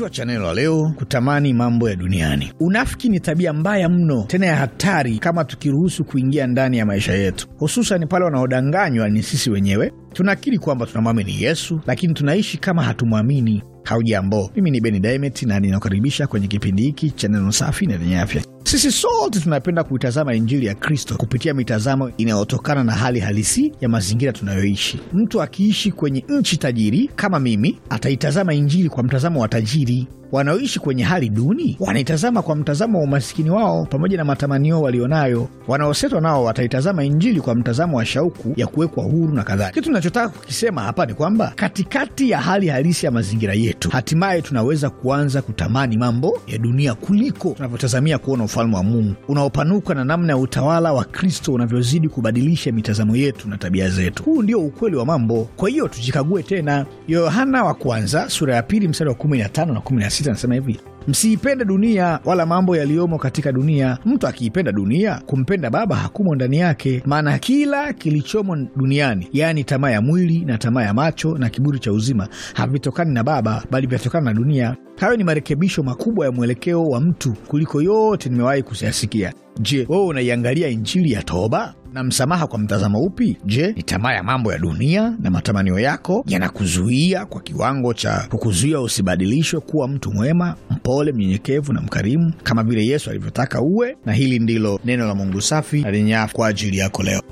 Kichwa cha neno la leo: kutamani mambo ya duniani. Unafiki ni tabia mbaya mno, tena ya hatari, kama tukiruhusu kuingia ndani ya maisha yetu, hususan pale wanaodanganywa ni sisi wenyewe. Tunakiri kwamba tunamwamini Yesu, lakini tunaishi kama hatumwamini. Haujambo, mimi ni Beni Daimeti na ninakukaribisha kwenye kipindi hiki cha neno safi na lenye afya. Sisi sote tunapenda kuitazama Injili ya Kristo kupitia mitazamo inayotokana na hali halisi ya mazingira tunayoishi. Mtu akiishi kwenye nchi tajiri kama mimi, ataitazama Injili kwa mtazamo wa tajiri. Wanaoishi kwenye hali duni wanaitazama kwa mtazamo wa umasikini wao pamoja na matamanio walionayo. Wanaosetwa nao wataitazama Injili kwa mtazamo wa shauku ya kuwekwa huru na kadhalika. Kitu tunachotaka kukisema hapa ni kwamba katikati ya hali halisi ya mazingira yetu, hatimaye tunaweza kuanza kutamani mambo ya dunia kuliko tunavyotazamia kuona ufalme wa Mungu unaopanuka na namna ya utawala wa Kristo unavyozidi kubadilisha mitazamo yetu na tabia zetu. Huu ndio ukweli wa mambo. Kwa hiyo tujikague tena. Yohana wa kwanza sura ya pili mstari wa 15 na 16 anasema hivi: Msiipende dunia wala mambo yaliyomo katika dunia. Mtu akiipenda dunia, kumpenda Baba hakumo ndani yake. Maana kila kilichomo duniani, yaani tamaa ya mwili na tamaa ya macho na kiburi cha uzima, havitokani na Baba, bali vyatokana na dunia. Hayo ni marekebisho makubwa ya mwelekeo wa mtu kuliko yote nimewahi kuyasikia. Je, wewe unaiangalia Injili ya toba na msamaha kwa mtazamo upi? Je, ni tamaa ya mambo ya dunia na matamanio yako yanakuzuia kwa kiwango cha kukuzuia usibadilishwe kuwa mtu mwema? mpole, mnyenyekevu na mkarimu kama vile Yesu alivyotaka uwe, na hili ndilo neno la Mungu safi na lenye afya kwa ajili yako leo.